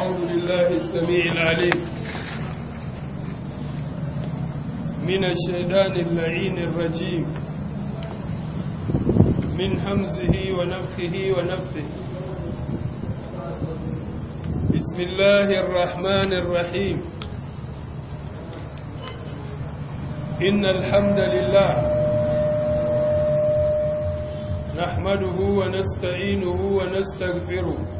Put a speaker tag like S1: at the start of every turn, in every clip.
S1: الحمد لله السميع العليم من الشيطان اللعين الرجيم من حمزه ونفخه ونفثه بسم الله الرحمن الرحيم إن الحمد لله نحمده ونستعينه ونستغفره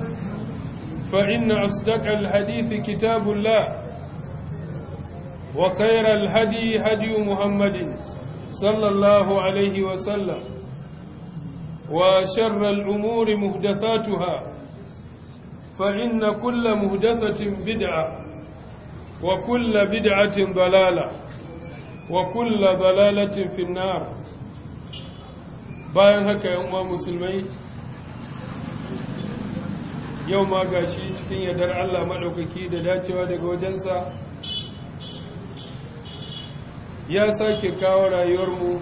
S1: فإن أصدق الحديث كتاب الله وخير الهدي هدي محمد صلى الله عليه وسلم وشر الأمور مهدثاتها فإن كل مهدثة بدعة وكل بدعة ضلالة وكل ضلالة في النار باين هكا يا أمام مسلمين yau ma ga shi cikin yadar Allah maɗaukaki da dacewa daga wajensa ya sake kawo rayuwarmu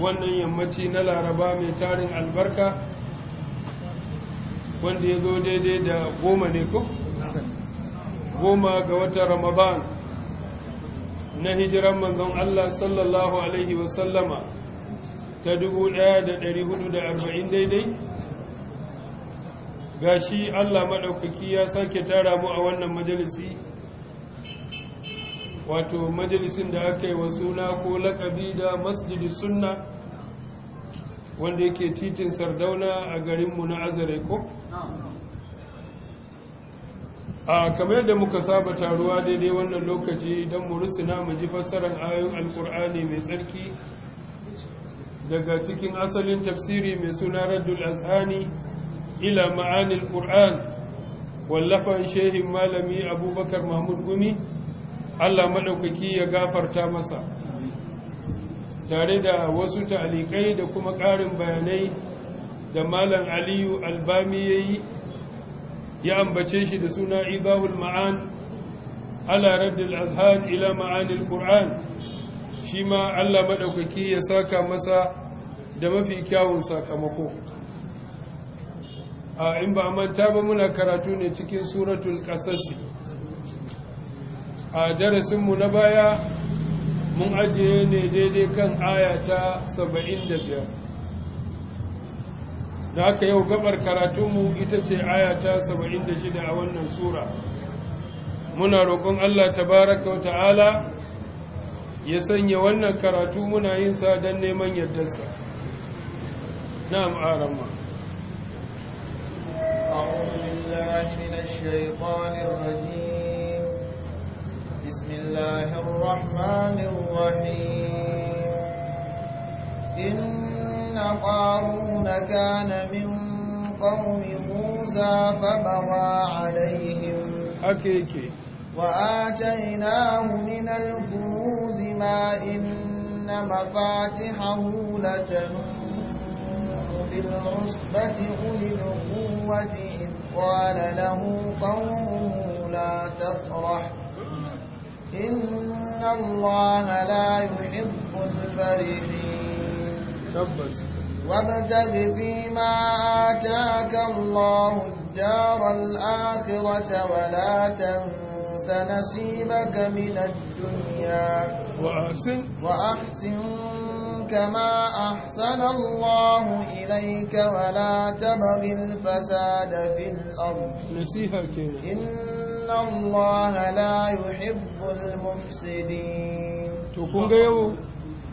S1: wannan yammaci na laraba mai tarin albarka wanda ya zo daidai da goma ne ku goma ga wata ramadan na hijiran manzon Allah sallallahu Alaihi wasallama ta 1440 daidai Ga shi Allah maɗaukaki ya sake tara mu a wannan majalisi wato majalisin da aka yi wa suna ko laƙabi da masjidi sunna wanda yake titin sardauna a garinmu na azareko. ko a kamar yadda muka saba taruwa daidai wannan lokaci don mu rusuna mu ji fassarar ayoyin alkur'ani mai tsarki daga cikin asalin tafsiri mai suna raddul azhani Ila معاني القرآن واللفا شيخ مالمي أبو بكر محمود قمي الله ملوككي يغافر تامسا tare da wasu ta'alikai da kuma ƙarin bayanai da malam aliyu albami ya yi ya ambace shi da suna ibahul ma'an ala raddil azhar ila ma'anil qur'an shi ma Allah maɗaukaki ya saka masa da mafi kyawun sakamako a in ba manta ba muna karatu ne cikin suratul kasasi a darasinmu na baya mun ajiye ne daidai kan aya ta 75 da aka yau gabar karatunmu ita ce aya ta 76 a wannan sura muna roƙon Allah tabaraka wa ta'ala ya sanya wannan karatu muna yin sa don neman yardarsa na'am aramma أعوذ بالله من الشيطان الرجيم
S2: بسم الله الرحمن الرحيم إن قارون كان من قوم موسى فبغى عليهم أكيكي وآتيناه من الكنوز ما إن مفاتحه لتنوح بالعصبة أولي القوة إذ قال له قومه لا تفرح إن الله لا يحب الفرحين وابتغ فيما آتاك الله الدار الآخرة ولا تنس نصيبك من
S1: الدنيا وأحسن
S2: وأحسن كما أحسن الله إليك ولا تبغ الفساد في الأرض
S1: نسيها إن
S2: الله لا يحب المفسدين
S1: تكون غيو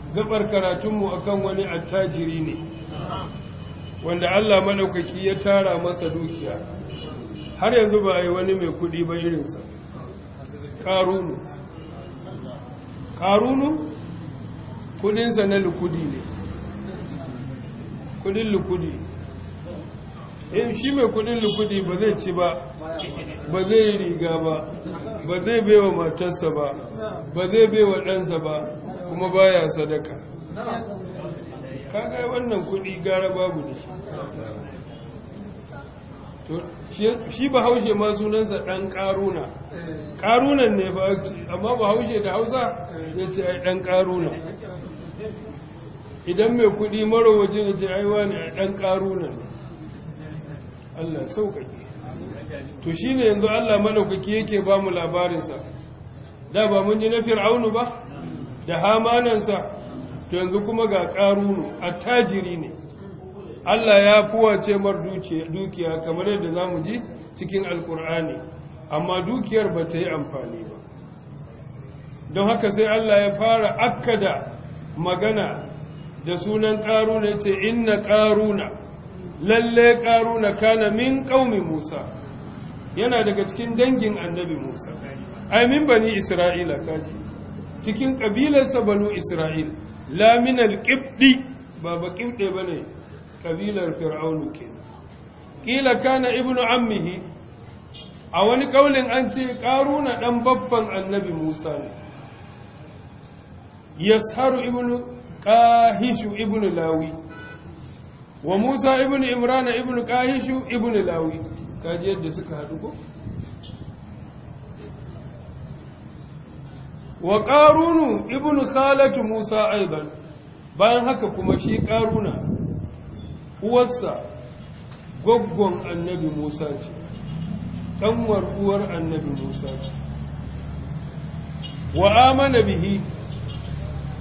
S1: gabar karatunmu akan wani attajiri ne wanda Allah madaukaki ya tara masa dukiya har yanzu ba a yi wani mai kuɗi ba irinsa karunu karunu kudinsa na lukudi ne kudin lukudi in eh, shi mai kudin lukudi ba zai ci ba ba zai yi riga ba ba zai bewa matarsa ba ba zai bewa ɗansa ba kuma baya sadaka kagai wannan kudi gara babu ne shi ba haushe ma sunansa ɗan ƙaruna ƙarunan ne ba amma ba haushe da hausa ya ce ai ɗan ƙaruna idan mai kudi waje da ce aiwa ne a ɗan ƙarunan Allah sauƙaƙe to shi ne yanzu Allah maɗaukaki yake ba mu labarinsa da ba mun ji na fir'aunu ba da hamanansa to yanzu kuma ga ƙarunu tajiri ne Allah ya fuwace mar dukiya kamar yadda za mu ji cikin alkur'ani amma dukiyar ba ta yi amfani ba don haka sai Allah ya fara akkada magana da sunan ƙaruna ce inna ƙaruna lalle ƙaruna kana min ƙaumi musa yana daga cikin dangin annabi musa ai min bani isra'ila kaji cikin ƙabilarsa banu isra'il laminal ƙibɗi ba ba ƙibɗe ba ne ƙabilar fir'aunu ke ƙila kana ibnu ammihi a wani ƙaunin an ce ƙaruna ɗan babban annabi musa ne yasharu ibnu قاهش ibn lawi wa musa ibn ابن ibn ابن ibn lawi يد yadda suka وقارون ko wa موسى ibn Salatu musa bayan haka kuma shi ƙaruna uwarsa goggon annabi musa ce kanwar uwar annabi musa ce wa amana bihi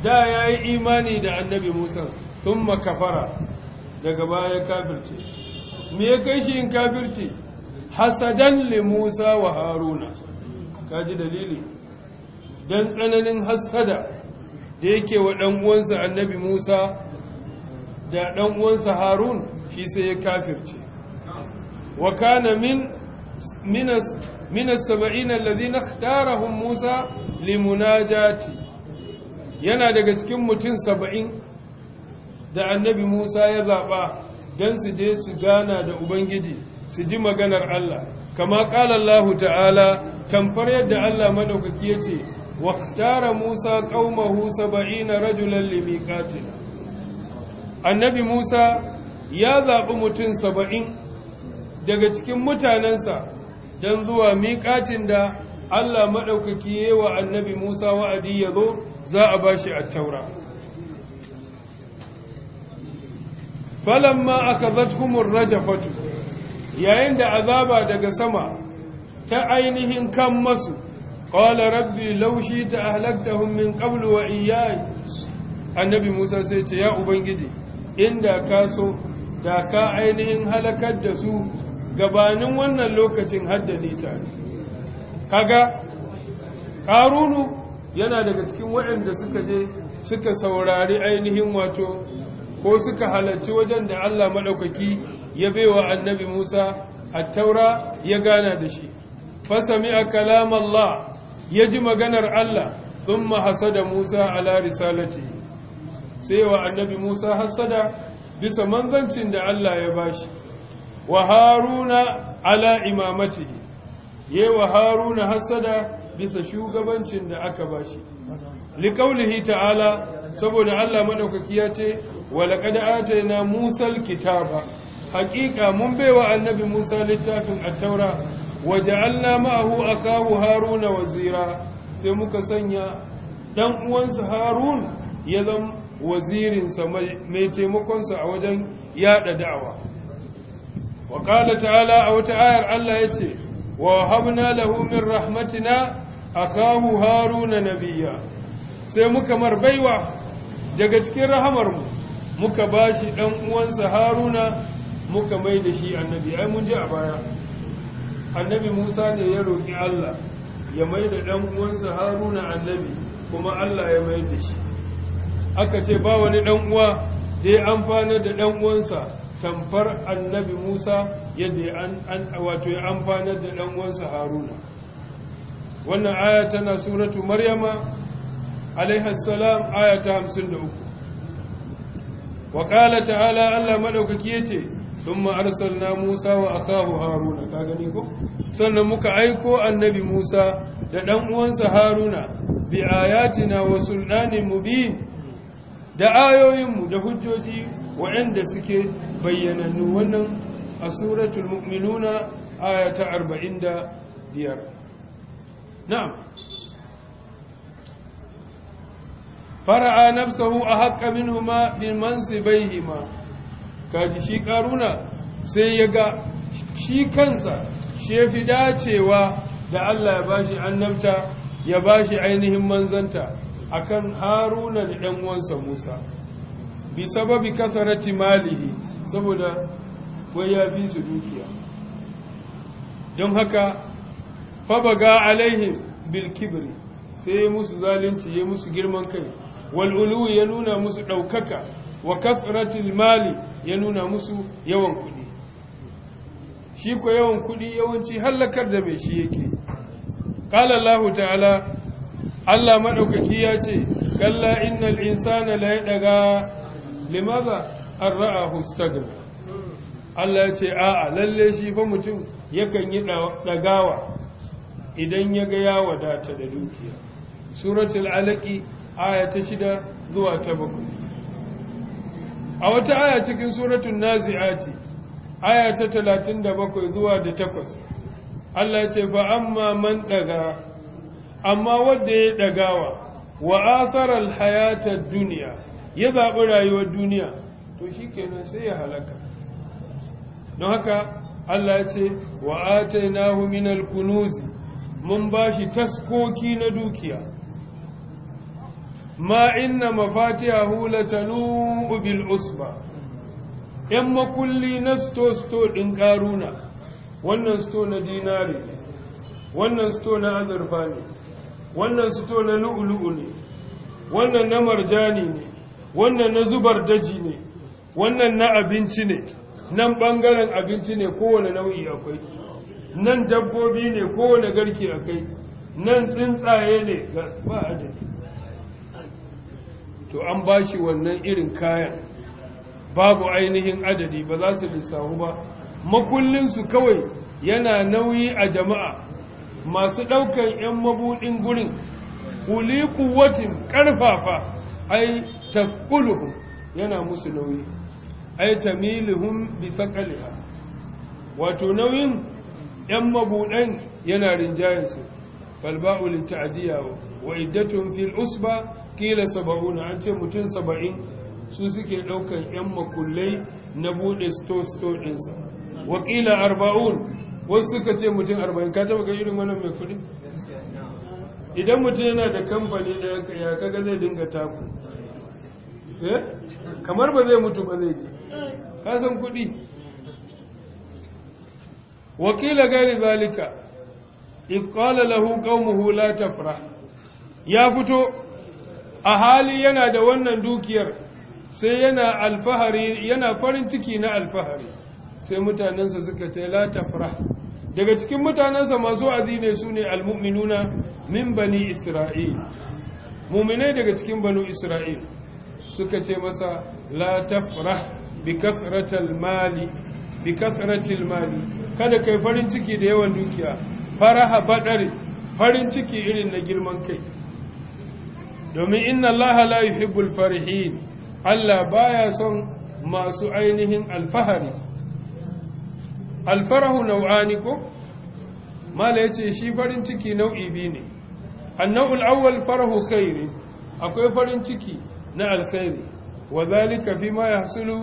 S1: da ya yi imani da annabi musa sun makafara daga baya kafirce me ya kai shi yin kafirce hasadan li musa wa haruna Ka ji dalili don tsananin hasada da yake wa ɗan'uwansa annabi musa da ɗan'uwansa harun shi sai ya kafirce wa kana min minas minas saba'ina alladhina ikhtarahum musa limunajati yana daga cikin mutum saba'in da annabi musa ya zaɓa don su je su gana da ubangiji su ji maganar allah kama ƙalallahu ta'ala tamfar yadda allah maɗaukaki ya ce tara musa ƙaumahu saba'in na rajulan limiƙatina annabi musa ya zaɓi mutum saba'in daga cikin mutanensa don zuwa miƙatin da allah maɗaukaki ya wa annabi musa wa'adi ya zo za a ba shi a attaura falamma aka zatkumur fatu, yayin da azaba daga sama ta ainihin kan masu ƙwala rabbi laushi ta ahalatta min ƙablu wa iyayi annabi musa sai ce ya ubangiji inda ka so da ka ainihin halakar da su gabanin wannan lokacin haddani ta kaga ƙarunu yana daga cikin waɗanda suka je suka saurari ainihin wato ko suka halarci wajen da Allah maɗaukaki ya baiwa annabi Musa a taura ya gana da shi fasami a kalam Allah ya ji maganar Allah sun hasada Musa ala risalati sai wa annabi Musa hasada bisa manzancin da Allah ya bashi wa haruna ala imamati yi wa haruna hasada bisa shugabancin da aka ba shi. liƙaulihi ta'ala saboda Allah madaukaki ya ce wa laqad atayna musal kitaba haqiqa mun baiwa annabi Musa littafin at-taura wa ja'alna ma'ahu akahu haruna wazira sai muka sanya ɗan uwansa harun ya zama wazirinsa mai taimakonsa a wajen yada da'awa wa qala ta'ala a wata ayar Allah yace wa habna lahu min rahmatina asahu haruna nabiya sai muka mar baiwa daga cikin rahamarmu muka bashi ɗan uwansa haruna muka mai da shi annabi ai mun ji a baya annabi musa ne ya roƙi allah ya mai da ɗan uwansa haruna annabi kuma allah ya mai da shi aka ce ba wani ɗan uwa da ya amfana da ɗan uwansa tamfar annabi musa yadda wato ya amfana da ɗan'uwansa uwansa haruna wannan aya tana suratu maryama alaiha salam aya ta 53 wa qala ta'ala Allah madaukaki yace thumma arsalna Musa wa akahu Haruna ka gani ko sannan muka aiko annabi Musa da dan uwansa Haruna bi ayatina wa sultanin mubin da ayoyinmu da hujjoji waɗanda suke bayyanannu wannan a suratul mu'minuna aya ta 45 na'am fara'a nafsahu a haƙa minhuma bin mansibaihima kaji shi ƙaruna sai ya ga shi kansa shi ya fi dacewa da Allah ya bashi annabta ya bashi ainihin manzanta akan haruna da ɗan uwansa musa bi sababi kasarati malihi saboda wai ya fi su dukiya don haka fabaga alaihim bil kibri sai ya musu zalunci ya musu girman kai wal ya nuna musu ɗaukaka wa kasratil mali ya nuna musu yawan kuɗi. shi ko yawan kuɗi yawanci hallakar da mai shi yake qala allah ta'ala allah maɗaukaki ya ce kalla inna insana la yadaga limaza ra'a hustagar Allah ya ce a'a lalle shi fa mutum yakan yi ɗagawa. idan ya ga ya wadata da dukiya suratul alaki aya ta shida zuwa ta bakwai a wata aya cikin suratul nazi'ati aya ta talatin da bakwai zuwa da takwas Allah ce fa amma man daga amma wanda ya dagawa wa asarar hayatar duniya ya zaɓi rayuwar duniya to shikenan sai ya halaka don haka Allah ce wa atainahu na huminar kunuzi mun ba shi taskoki na dukiya ma inna mafatihahu latanu bil usba yan makulli na sto sto din ƙaruna wannan sto na dinari wannan sto na azurfa ne wannan sto na lu’ulu’u ne wannan na marjani ne wannan na zubar daji ne wannan na abinci ne nan ɓangaren abinci ne kowane nau'i akwai nan dabbobi ne kowane garke a kai nan tsuntsaye ne ba adadi to an ba shi wannan irin kayan babu ainihin adadi ba za su lissahu ba makullinsu kawai yana nauyi a jama'a masu ɗaukan 'yan mabuɗin gurin ƙuli kuwatin ƙarfafa ai tafkuluhun yana musu nauyi ai tamiluhun bisa ƙaliha wato nauyin yan mabuɗan yana rinjayensu falba'u litta'adiyya wa iddatun fil usba kila na an ce mutum saba'in su suke ɗaukar yan makullai na buɗe store-store ɗinsa wakila arba'un wasu suka ce mutum arba'in ka taɓa ga irin wannan mai kuɗi idan mutum yana da kamfani da ya kaga zai dinga taku eh? kamar ba zai mutu ba zai ji kasan kuɗi wakila gari zalika idh qala lahu qaumuhu la tafrah ya fito a hali yana da wannan dukiyar sai yana alfahari yana farin ciki na alfahari sai mutanensa suka ce la tafrah daga cikin mutanensa masu azine su ne almu'minuna min bani isra'il muminai daga cikin banu isra'il suka ce masa la tafrah bi kasratil mali bi kasratil mali kada kai farin ciki da yawan dukiya faraha badari farin ciki irin na girman kai domin inna allaha la yuhibbul farihin Allah baya son masu ainihin alfahari alfarahu nau'ani ko mala yace shi farin ciki nau'i biyu ne annawul awwal farahu khairi akwai farin ciki na alkhairi wa zalika ma yahsulu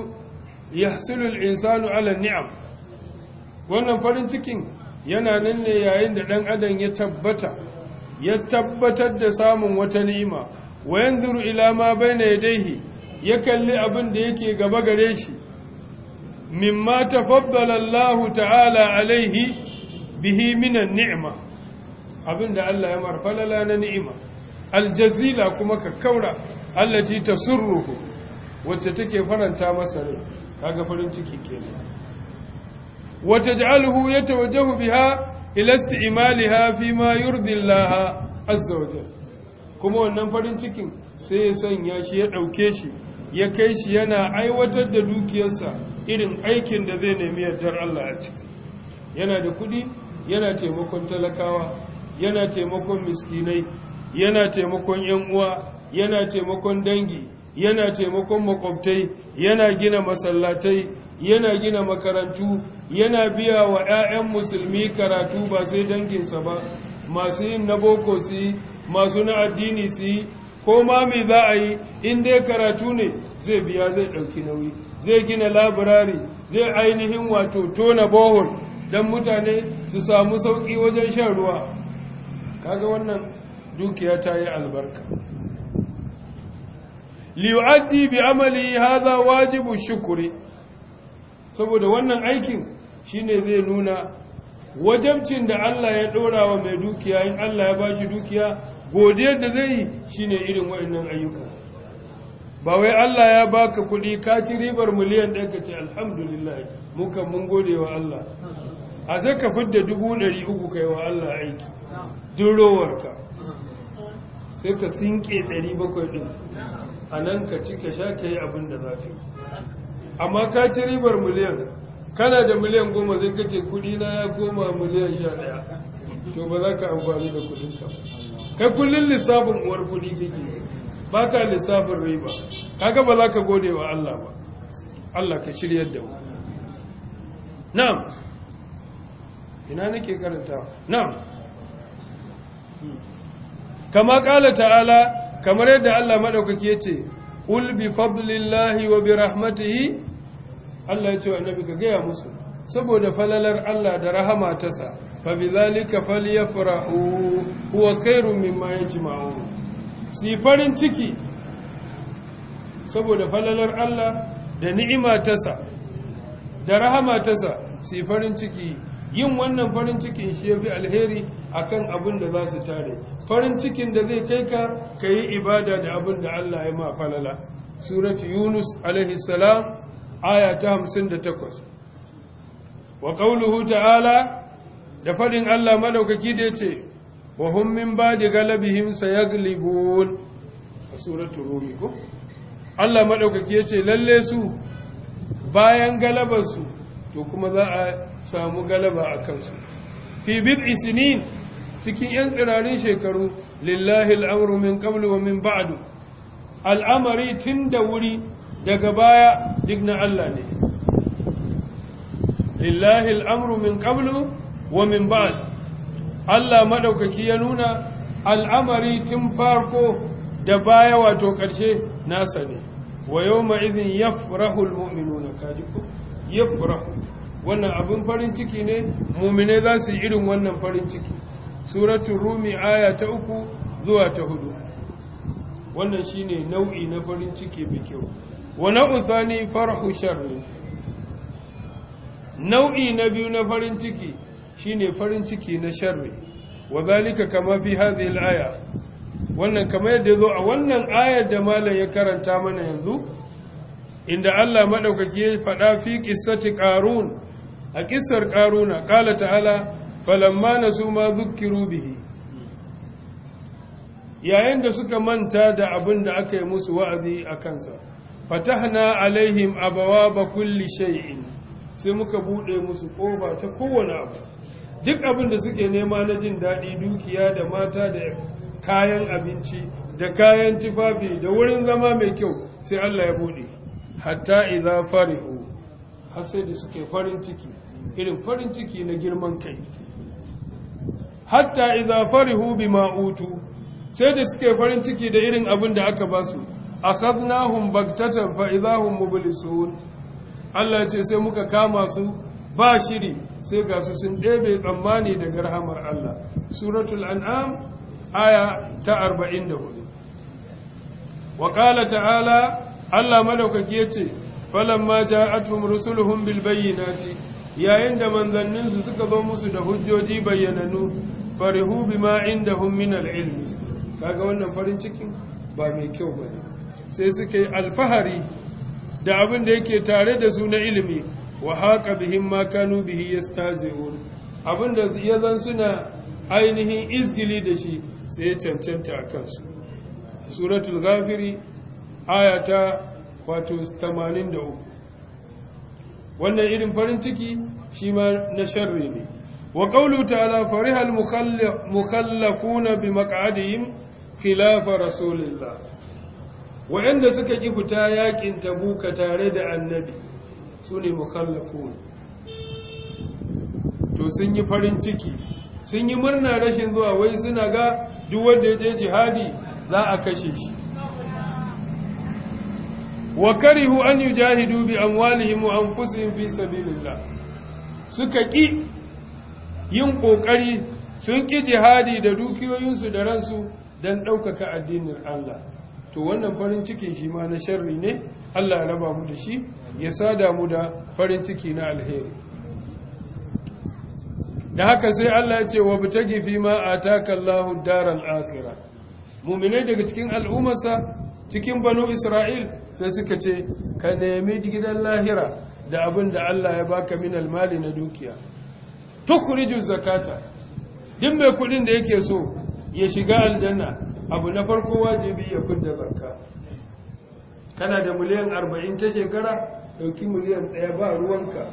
S1: yahsulu al-insanu ala ni'am wannan farin cikin yana nan ne yayin da ɗan adam ya tabbata ya tabbatar da samun wata ni'ima wa yanzuru ila ma baina yadayhi ya kalli abin da yake gaba gare shi mimma tafaddala Allah ta'ala alaihi bihi minan ni'ima abin da Allah ya marfalala na ni'ima aljazila kuma ka kaura allati tasurruhu wacce take faranta masa rai kaga farin ciki kenan وتجعله يتوجه بها إلى استعمالها فيما يرضي الله عز وجل كما wannan farin cikin sai ya sanya shi ya dauke shi ya kai shi yana aiwatar da dukiyarsa irin aikin da zai nemi yardar Allah a ciki yana da kudi yana taimakon talakawa yana taimakon miskinai yana taimakon yan uwa yana taimakon dangi yana taimakon makwabtai yana gina masallatai yana gina makarantu yana biya wa 'ya'yan musulmi karatu ba sai danginsa ba masu yin na boko su yi masu na addini su yi ko ma mai za a yi in dai karatu ne zai biya zai ɗauki nauyi zai gina labirari zai ainihin wato tona bohol don mutane su samu sauƙi wajen shan ruwa kaga wannan dukiya ta yi albarka liyu'addi bi amali haza wajibu shukuri saboda wannan aikin shine zai nuna wajabcin da Allah ya ɗora wa mai dukiya in Allah ya bashi dukiya godiyar da zai yi shine irin waɗannan ayyuka ba wai Allah ya baka kuɗi ka ribar miliyan ɗaya ka ce alhamdulillah muka mun gode wa Allah a sai ka fidda dubu ɗari uku kai wa Allah aiki durowarka sai ka sinke ɗari bakwai ɗin a nan ka ci ka sha ka yi abin da za ka yi amma ka ribar miliyan kana da miliyan goma zai kace kudi na ya koma miliyan sha daya to ba za ka amfani da kudin ka kai kullun lissafin uwar kudi kake ba ka lissafin riba kaga ba za ka gode wa Allah ba Allah ka shiryar da mu na'am ina nake karanta na'am kama kala ta'ala kamar yadda Allah madaukaki yace qul bi fadlillahi wa bi rahmatihi Allah ya ce wa annabi ka gaya musu saboda falalar Allah da rahama ta sa fa bidhalika falyafrahu huwa khairun mimma yajma'un si farin ciki saboda falalar Allah da ni'ima ta sa da rahama ta sa si farin ciki yin wannan farin cikin shi yafi alheri akan abin da za su tare farin cikin da zai kai ka kai ibada da abin da Allah ya ma falala surat yunus alaihi salam aya ta hamsin da takwas wa ƙauluhu ta'ala da faɗin Allah maɗaukaki da ce wa hummin ba da ya a suratu rumi ko Allah maɗaukaki ya ce lalle su bayan galabarsu to kuma za a samu galaba a kansu fi bib isinin cikin yan tsirarin shekaru lillahi al’amuru min qablu wa min ba'adu al'amari tun da wuri daga baya duk na Allah ne lillahi al'amru min qablu wa min ba’ad Allah maɗaukaki ya nuna al'amari tun farko da baya wato ƙarshe nasa ne wa yawma idhin na kajiko ya yafrahu wannan abin farin ciki ne mummine za su yi irin wannan farin ciki suratun rumi aya ta uku zuwa ta hudu wannan shine nau'i na farin ciki mai kyau wa na'u thani farhu sharri nau'i na biyu na farin ciki shine farin ciki na sharri wa zalika kama fi hadhihi al wannan kamar yadda a wannan ayar da malam ya karanta mana yanzu inda Allah maɗaukaki ya faɗa fi qissati ƙarun a ƙisar ƙaruna ƙala ta'ala falamma nasu ma dhukkiru bihi yayin da suka manta da abin da aka yi musu wa'azi a kansa fatahna alaihim abawaba kulli shay'in sai muka bude musu koba ta kowane abu duk abin da suke nema na jin daɗi dukiya da mata da kayan abinci da kayan tufafi da wurin zama mai kyau sai Allah ya bude hatta idza farihu har sai da suke farin ciki irin farin ciki na girman kai hatta idza farihu bima utu sai da suke farin ciki da irin abin da aka basu akhadnahum bagtatan fa idahum mublisun Allah ya ce sai muka kama su ba shiri sai ga su sun ɗebe tsammani daga rahamar Allah suratul an'am aya ta 44 wa qala ta'ala Allah madaukaki yace falamma ja'atuhum rusuluhum bil bayyinati yayin da manzanninsu suka zo musu da hujjoji bayyananu farihu bima indahum min al ilmi kaga wannan farin cikin ba mai kyau bane sai suka yi alfahari da abin da yake tare da su na ilimi wa haka bihin makanu bihi ya wuri, abin da ya zan suna ainihin izgili da shi sai ya cancanta a kansu suratul ghafiri ayata wato 83 wannan irin farin ciki shi ma na sharri ne wa qawlu ta'ala farihal mukallafuna bi maq'adihim khilafa rasulillah wa'anda suka ƙi fita yakin tabuka tare da annabi su ne mukallafun to sun yi farin ciki sun yi murna rashin zuwa wai suna ga duk wanda ya je jihadi za a kashe shi wa karihu an yujahidu bi amwalihim wa anfusihim fi sabilillah suka ki yin kokari sun ƙi jihadi da dukiyoyinsu da ransu don ɗaukaka addinin Allah to wannan farin cikin shi ma na sharri ne Allah ya raba mu da shi ya sada mu da farin ciki na alheri da haka sai Allah ya ce wa bitagi fi ma ataka Allahu daral akhirah mu'minai daga cikin al'ummarsa cikin banu Isra'il sai suka ce ka nemi gidan lahira da abin da Allah ya baka min almali na dukiya tukhrijuz zakata duk mai kudin da yake so ya shiga aljanna abu na farko wajibi ya fidda zakka kana da miliyan arba'in ta shekara ɗauki miliyan ɗaya ba ruwanka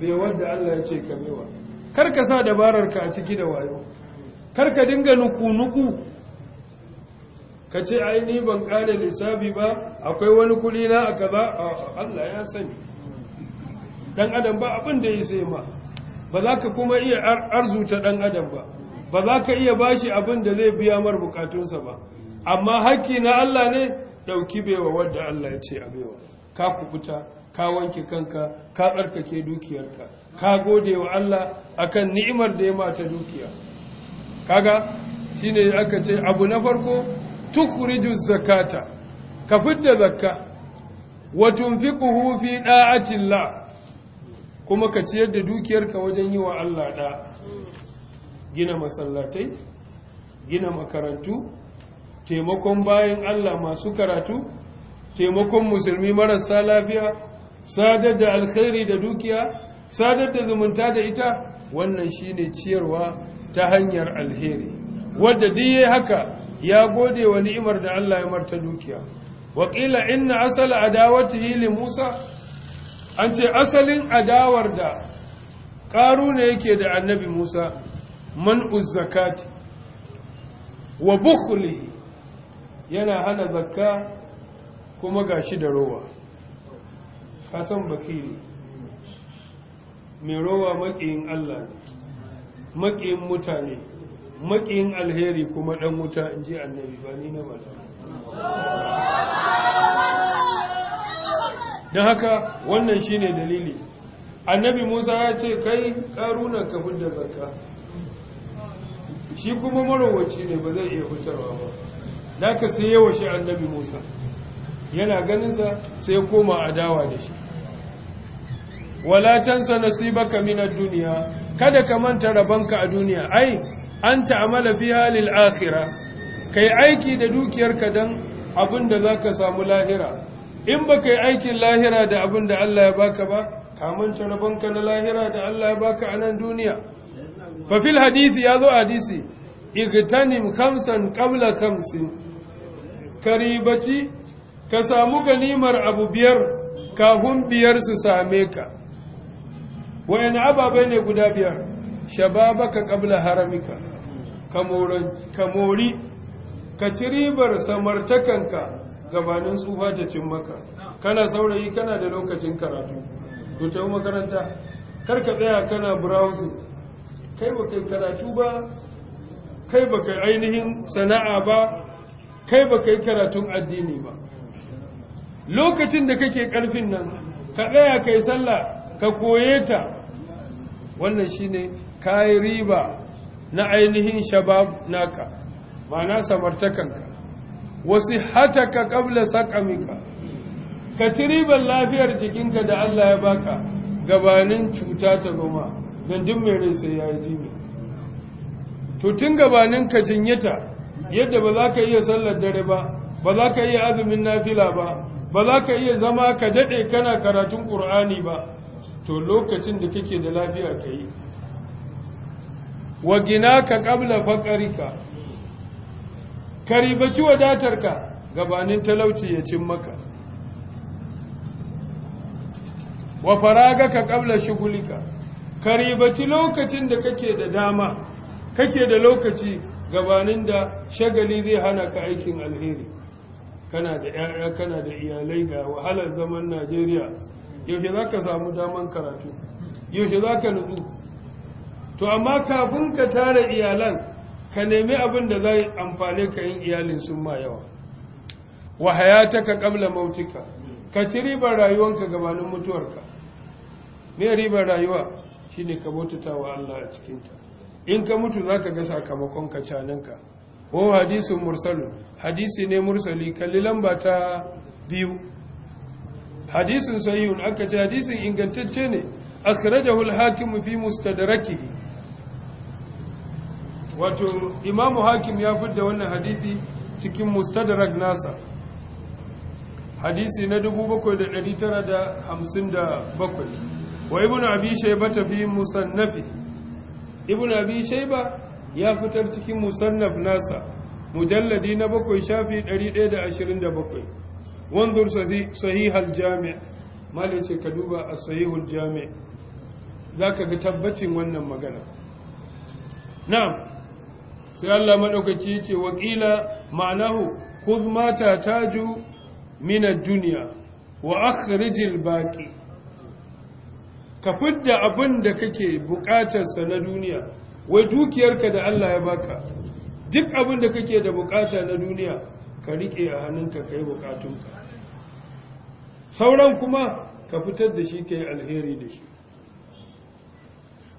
S1: bai wadda Allah ya ce ka mewa kar ka sa dabararka a ciki da wayo kar ka dinga nuku-nuku ka ce aini ban ƙare lissafi ba akwai wani kuli na a kaza Allah ya sani dan adam ba abin da ya sai ma ba za ka kuma iya arzuta dan adam ba ba za ka iya bashi abin da zai biya mar bukatunsa ba amma haƙƙi na Allah ne ɗauki baiwa wadda Allah ya ce a baiwa ka kuɓuta ka wanke kanka ka tsarkake dukiyarka ka gode wa Allah akan ni'imar da ya mata dukiya kaga shine aka ce abu na farko tukhriju zakata ka fidda zakka wa tunfiquhu fi da'atillah kuma ka ciyar da dukiyarka wajen yi wa Allah da'a gina masallatai gina makarantu taimakon bayan Allah masu karatu taimakon musulmi marasa lafiya sadar da alkhairi da dukiya sadar da zumunta da ita wannan shine ciyarwa ta hanyar alheri wadda diye haka ya gode wa ni'imar da Allah ya marta dukiya waƙila inna asala adawatihi li Musa an ce asalin adawar da ƙaru ne yake da annabi Musa Man Uzzakati wa bukhlihi yana hana zakka kuma gashi da rowa kasan bakiri mai rowa maƙiyin Allah maƙiyin mutane maƙiyin alheri kuma ɗan wuta in ji annabi ba ni na mata
S3: don haka
S1: wannan shine dalili annabi musa ya ce kai ƙarunan kafin da zakka shi kuma marowaci ne ba zai iya fitarwa ba da ka sai yawa shi annabi musa yana ganinsa sai koma adawa da shi walatansa nasibaka baka ad duniya, kada ka manta rabanka a duniya ai an ta'amala fi halil Ka kai aiki da dukiyarka da za ka samu lahira in ba ka yi aikin lahira da abin da Allah ya baka ba ka manta rabanka na lahira da Allah ya baka a nan duniya fa fil hadisi ya zo hadisi igtanim khamsan qabla khamsin karibaci ka samu ganimar abu biyar kafin biyar su same ka wayan ababai ne guda biyar shababaka qabla haramika ka mori ka ci ribar samartakanka gabanin tsufa maka kana saurayi kana da lokacin karatu to ta makaranta kar ka tsaya kana browsing kai ba kai karatu ba kai ba kai ainihin sana'a ba kai ba kai karatun addini ba lokacin da kake karfin nan ka tsaya kai sallah ka koye ta wannan shine kai riba na ainihin shabab naka ma'ana samartakanka wasu hataka kabla sakamika ka ci ribar lafiyar jikinka da Allah ya baka gabanin cuta ta goma don jin mai rai sai ya yi jini to tun gabanin ka jinyata yadda ba za ka iya sallar dare ba ba za ka iya azumin nafila ba ba za ka iya zama ka daɗe kana karatun ƙur'ani ba to lokacin da kake da lafiya ka yi wa gina ka ƙabla faƙarika karibaci ka. gabanin talauci ya cin maka wa faraga ka ƙabla shugulika ka ribaci lokacin da kake da dama kake da lokaci gabanin da shagali zai hana ka aikin alheri kana da ya'ya kana da iyalai ga wahalar zaman najeriya yaushe za ka samu daman karatu yaushe za ka nutsu to amma kafin ka tara iyalan ka nemi abin da zai amfani ka yin iyalin sun ma yawa wa ka qabla mautuka ka ci ribar rayuwanka gabanin mutuwarka me ribar rayuwa shine ka bautata wa Allah a cikinta in ka mutu ka ga sakamakon ka ka. ko hadisin mursalun hadisi ne mursali kalli lamba ta biyu hadisin sahihun aka ce hadisin ingantacce ne akhrajahu al-hakim fi mustadrakihi wato imamu hakim ya fidda wannan hadisi cikin mustadrak nasa hadisi na 7957 wa ibn abi shayba fi musannafi ibn abi shayba ya fitar cikin musannaf nasa mujalladi na bakwai shafi 127 wanzur sahih al-jami' malai ce ka duba a sahihul jami' zaka ga tabbacin wannan magana na'am sai Allah maɗaukaci ce waƙila ma'anahu kuzmata taju mina duniya wa akhrijil baqi ka fidda abin da kake bukatarsa na duniya wai dukiyarka da Allah ya baka duk abin da kake da bukata na duniya ka rike a hannunka kai bukatunka sauran kuma ka fitar da shi kai alheri da shi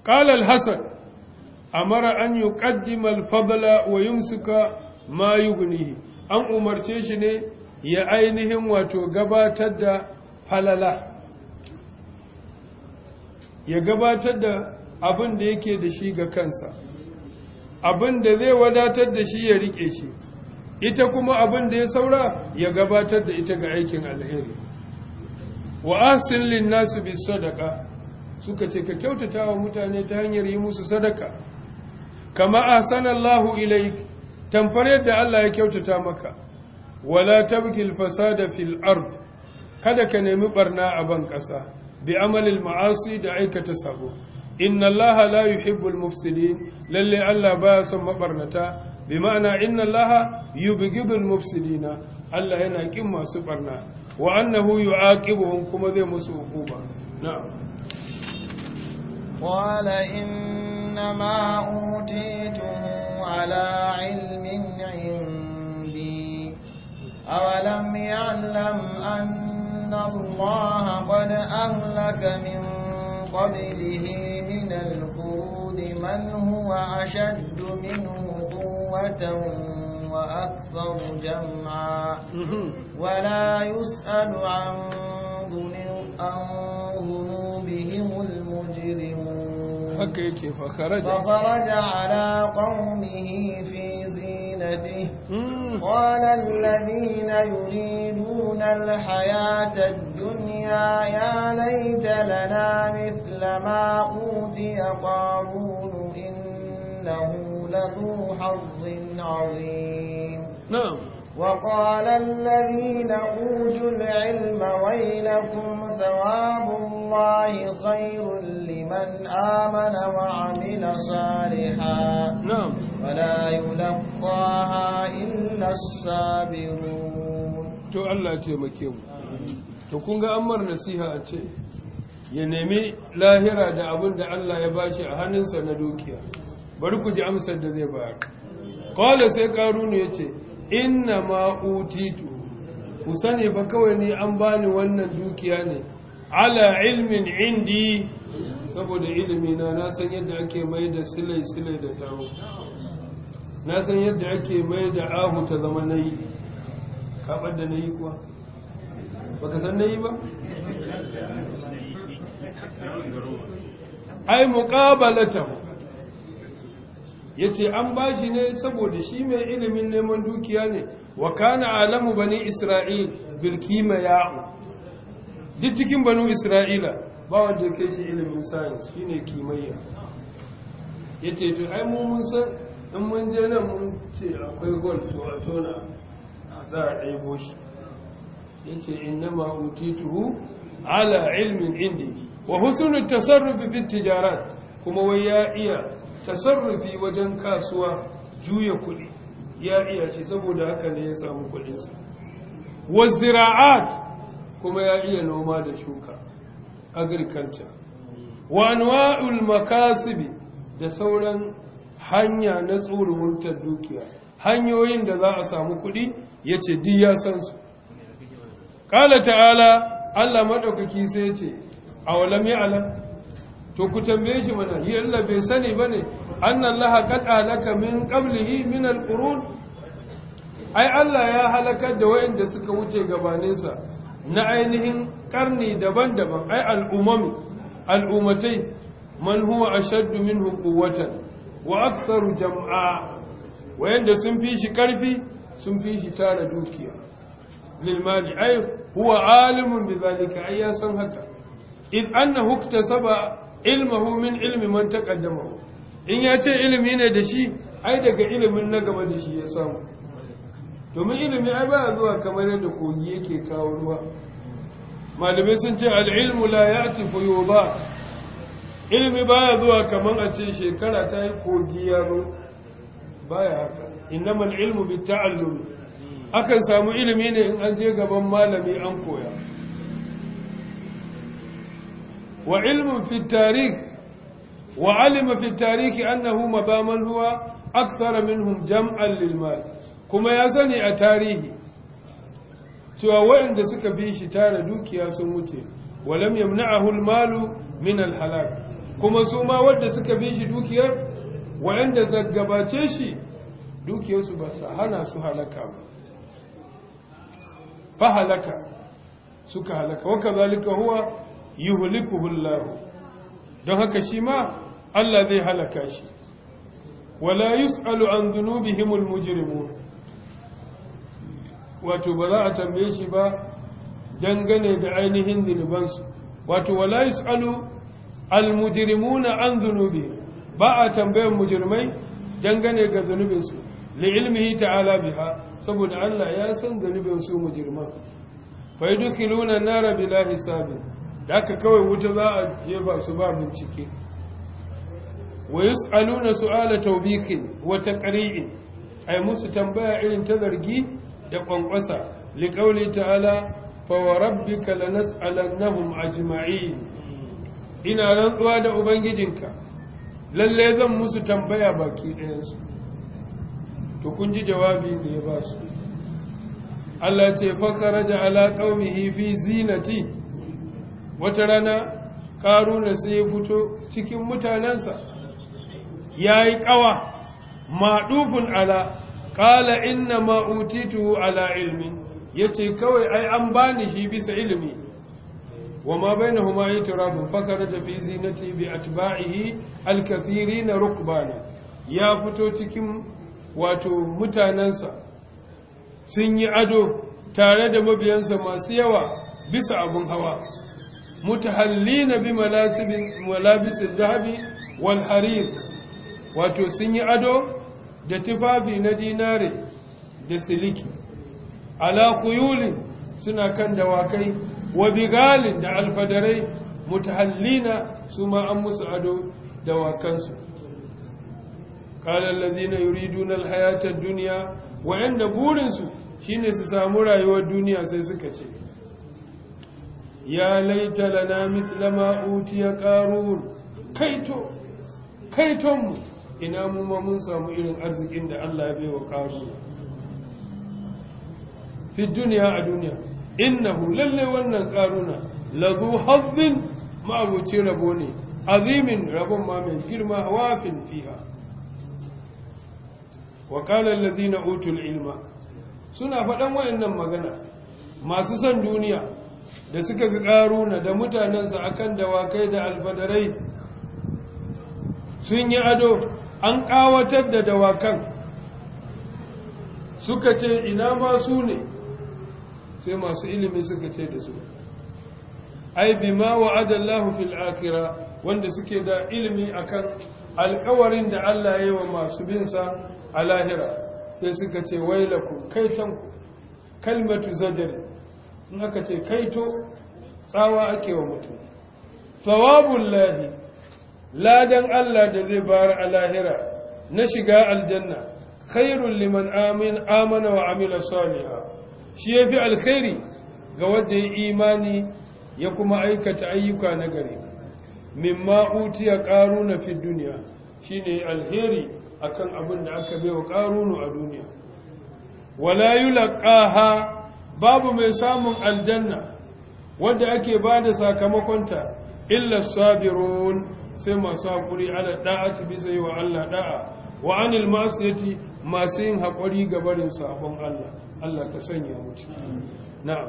S1: qala al-hasan amara an yuqaddima al-fadla wa yumsika ma yughnihi an umarce shi ne ya ainihin wato gabatar da falala ya gabatar da abin da yake da shi ga kansa abin da zai wadatar da shi ya rike shi ita kuma abin da ya saura ya gabatar da ita ga aikin alheri wa ahsin lin nasu bis sadaqa suka ce ka kyautata wa mutane ta hanyar yi musu sadaka kama ahsanallahu ilaik tamfar yadda Allah ya kyautata maka wala tabgil fasada fil ard kada ka nemi barna a ban kasa bi amalil ma'asi da aikata sabo inna allaha la yuhibbul mufsidin lallai Allah baya son mabarnata bi ma'ana inna allaha yubghidul mufsidina Allah yana ƙin masu barna wa annahu yu'aqibuhum kuma zai musu hukuma na'am
S2: qala innama utituhu ala ilmin indi awalam ya'lam anna أن الله قد أهلك من قبله من الخرود من هو أشد منه قوة وأكثر جمعا ولا يسأل عن ذنوبهم المجرمون فخرج على قومه في بسنته قال الذين يريدون الحياة الدنيا يا ليت لنا مثل ما أوتي قارون إنه لذو حظ عظيم نعم وقال الذين أوتوا العلم ويلكم ثواب الله خير لمن آمن وعمل صالحا نعم ولا يلقاها إلا
S1: الصابرون تو الله تيمكيو to kun ga ammar nasiha a ce ya nemi lahira da abin da Allah ya bashi a hannunsa na dukiya bari ku ji amsar da zai bayar qala sai karunu yace inna ma ku sani fa kawai ni an bani wannan dukiya ne ala ilmin indi saboda ilimi na na san yadda ake mai da silai silai da taro na san yadda ake mai da ahu ta zama na yi kamar da na yi kuwa ba ka san na yi ba ai muƙabalata ya ce an ba shi ne saboda shi mai ilimin neman dukiya ne wa kana alamu bani isra'il bilkima ya'u duk cikin banu isra'ila ba wanda ke shi ilimin science ne kimayya ya ce to ai mu mun in mun je nan mun ce akwai gol to a tona a za a ɗaibo shi ya ce inna tuhu ala ilmin indi wa husunin tasarrufi fi tijarat kuma wai ya iya tasarrufi wajen kasuwa juya kuɗi ya iya shi saboda haka ne ya samu kuɗinsa wa zira'at kuma ya iya noma da shuka agriculture wa anwa'ul makasibi da sauran hanya na tsoruwurtar dukiya hanyoyin da za a samu kuɗi ya ce di ya san su ƙala ta'ala allah maɗaukaki sai ce a walami alam to ku tambaye shi mana yi allah bai sani ba ne annan laha kaɗa laka min ƙablihi min alƙurun ai allah ya halakar da wayanda suka wuce gabaninsa na ainihin ƙarni daban-daban ai al'umami al'umatai man huwa ashaddu minhu quwwatan wa aksaru jam'a wayanda sun fi shi karfi sun fi shi tara dukiya lilmali ai huwa alimun bi zalika ai ya san haka id hukta saba ilmuhu min ilmi man taqaddama in ya ce ilimi ne da shi ai daga ilimin na gaba da shi ya samu domin ilimi ai ba zuwa kamar yadda kogi yake kawo ruwa malamai sun ce al-ilmu la ya'ti fuyubat ilimi baya zuwa kamar a ce shekara ta yi kogi ya baya haka innamal ilmu bi akan samu ilimi ne in an je gaban malami an koya wa ilmun fi tarikh wa alima fi tarikh annahu mabaman huwa akthar minhum jam'an lil mal kuma ya sani a tarihi cewa waɗanda suka fi shi tara dukiya sun wuce walam yamna'ahu al malu min al halak kuma su ma wadda suka bi shi dukiyar waɗanda gaggabace shi dukiyarsu ba su hana su halaka ba fa halaka suka halaka waka zalika huwa yuhlikuhullahu don haka shi ma Allah zai halaka shi wala yus'alu an dhunubihimul mujrimun wato ba za a tambaye shi ba dangane da ainihin zunubansu wato wala yus'alu almujrimuna an zunubi ba a tambayan mujrimai dangane ga zunubinsu li'ilmihi ta'ala biha saboda Allah ya san zunubin su fai fa yadkhuluna nara bila hisabi daka kawai wuta za a ba su ba bincike wa yus'aluna su'ala tawbikin wa taqri'in ay musu tambaya irin ta zargi da kwankwasa liqauli ta'ala fa wa lanas'alannahum ajma'in ina rantsuwa da ubangijinka lalle zan musu tambaya baki ɗayansu to kun ji jawabi da ya ba su Allah ce fakara da alaƙaunihi fi zinati wata rana ƙaruna sai ya fito cikin mutanensa ya yi ƙawa maɗufin ala ƙala inna ma'utitu ala ilmi ya ce kawai ai an bani shi bisa ilimi na وما بينهما يتراب فخرج في زينته بأتباعه الكثيرين ركبانا يا فتو cikin wato mutanansa sun yi ado tare da mabiyansa masu yawa bisa abun hawa mutahallina bi malabisin dahabi wal harir wato sun yi ado da tufafi na dinare da siliki ala suna kan dawakai wa bigalin da alfadarai mutahallina su ma an musu ado da wakansu na lazina yuridun alhayatar duniya wayanda burinsu shine su samu rayuwar duniya sai suka ce ya laita lana mislama utiya qarun kaito kaitonmu ina mu mun samu irin arzikin da Allah ya baiwa qarun fi duniya a duniya innahu lalle wannan karuna lazu hazzin ma'abuci rabo ne azimin rabon ma mai girma wafin fiha wa qala allazina utul ilma suna faɗan waɗannan magana masu son duniya da suka ga karuna da mutanensa akan dawakai da alfadarai sun yi ado an ƙawatar da dawakan suka ce ina ba su ne sai masu ilimi suka ce da su ai ma wa'ada Allah fil akhirah wanda suke da ilimi akan alƙawarin da Allah ya yi wa masu bin sa a lahira sai suka ce kai kaitan kalmatu zajr in aka ce kaito tsawa ake wa mutum thawabul lahi ladan Allah da zai bayar a lahira na shiga aljanna khairul liman amana wa amila salihah shi ya fi alkhairi ga wanda ya imani ya kuma aikata ayyuka na gari mimma utiya na fi duniya ne shine alheri kan abin da aka baiwa qarunu a duniya wala yulqaha babu mai samun aljanna wadda ake ba da sakamakonta illa sabirun sai masu haƙuri ala ɗa'a ta bisa yi wa Allah ɗa'a wa anil yati masu yin haƙuri ga barin sabon Allah ألا ka نعم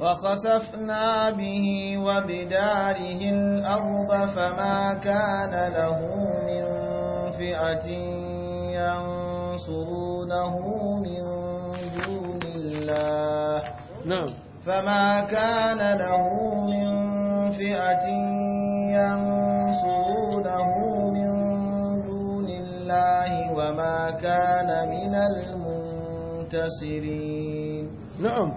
S2: فخسفنا به وبداره الأرض فما كان له من فئة ينصرونه من دون الله نعم فما كان له من فئة ينصرونه من دون الله وما كان من المؤمنين مختصرين نعم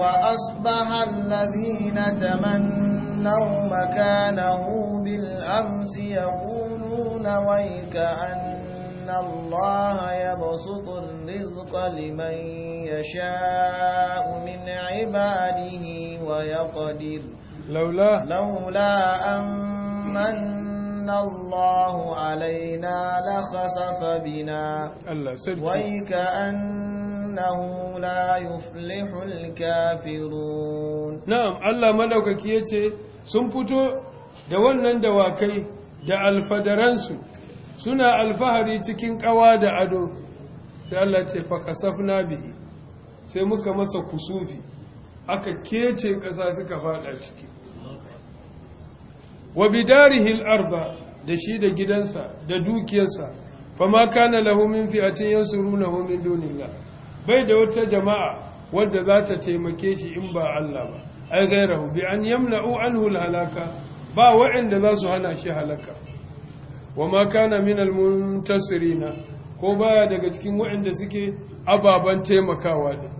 S2: وأصبح الذين تمنوا مكانه بالأمس يقولون ويك أن الله يبسط الرزق لمن يشاء من عباده ويقدر لولا لولا أن الله علينا لخسف بنا ويكأنه لا يفلح الكافرون
S1: نعم الله ملوكك يتي سنفتو da wannan dawakai da alfadaransu suna alfahari cikin ƙawa da ado sai Allah ce fakasafna bihi sai muka masa kusufi aka kece ƙasa suka faɗa ciki wa bi bidarihil arba da shi da gidansa da dukiyarsa fama kana lahu min fi'atin yansurunahu min dunillah bai da wata jama'a wadda za ta taimake shi in ba Allah ba ai gairahu bi an yamna'u anhu halaka ba wa'anda za su hana shi halaka wama kana min almuntasirina ko baya daga cikin wa'anda suke ababan taimakawa din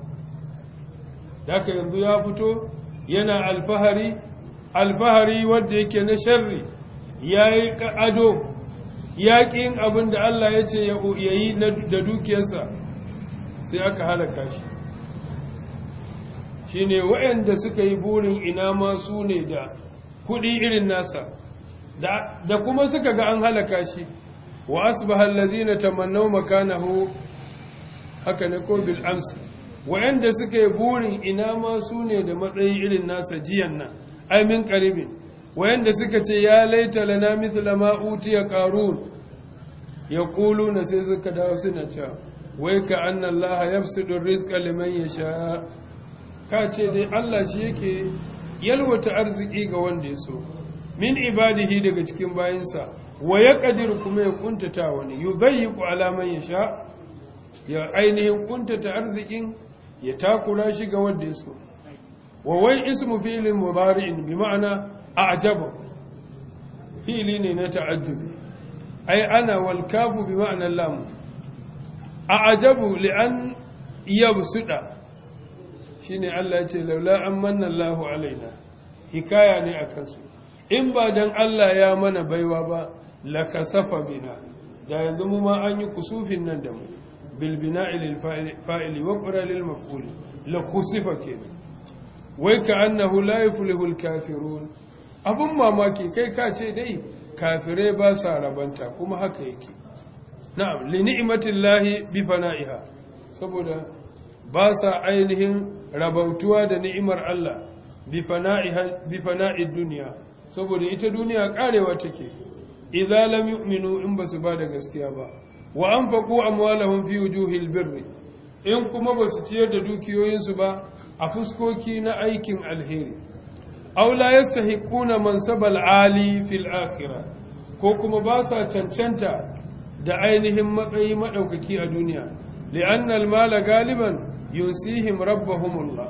S1: daka yanzu ya fito yana alfahari alfahari wanda yake na sharri yayi ado yakin abin da Allah ya ce ya yi da dukiyarsa sai aka halaka shi shi ne waɗanda suka yi burin ina ma su ne da kuɗi irin nasa da kuma suka ga an halaka shi wa asbaha allazina tamannau makanahu haka ne ko bil amsa waɗanda suka yi burin ina ma su ne da matsayi irin nasa jiyan nan ai min qaribin wayanda suka ce ya laita lana mithla ma utiya qarun yaquluna sai suka dawo suna cewa wai ka anna Allah yafsidu rizqa liman yasha ka ce dai Allah shi yake yalwata arziki ga wanda ya so min ibadihi daga cikin bayinsa wa ya kuma ya kuntata wani yi bayi ku alaman ya sha ya ainihin ƙuntata arzikin ya takura shi ga wanda ya so wa wai ismu filin mubari'in bi ma'ana ajabu. fili ne na ta'ajjubi ai ana walkafu bi bi Lamu. A a'jabu li an yabsuda shine Allah ce laula an manna lahu alaina hikaya ne a kansu. in ba dan Allah ya mana baiwa ba la bina da yanzu mu ma an yi kusufin nan da mu Bilbina bina'i lil wa qura maf'uli la kusifa kenan wai ka annahu la yuflihul kafirun Abin mamaki kai ka ce dai kafirai ba sa rabanta kuma haka yake na'am li ni'matillahi bi fana'iha saboda ba sa ainihin rabautuwa da ni'imar Allah bifa na'i duniya. saboda ita duniya karewa take idza lam yu'minu in basu ba da gaskiya ba wa anfaqu amwalahum fi wujuhil birri in kuma ba su ciyar da dukiyoyinsu ba a fuskoki na aikin alheri aula ya man mansabal ali fil akhira ko kuma ba sa cancanta da ainihin matsayi maɗaukaki a duniya li'annal mala galiban yunsihim rabbahumullah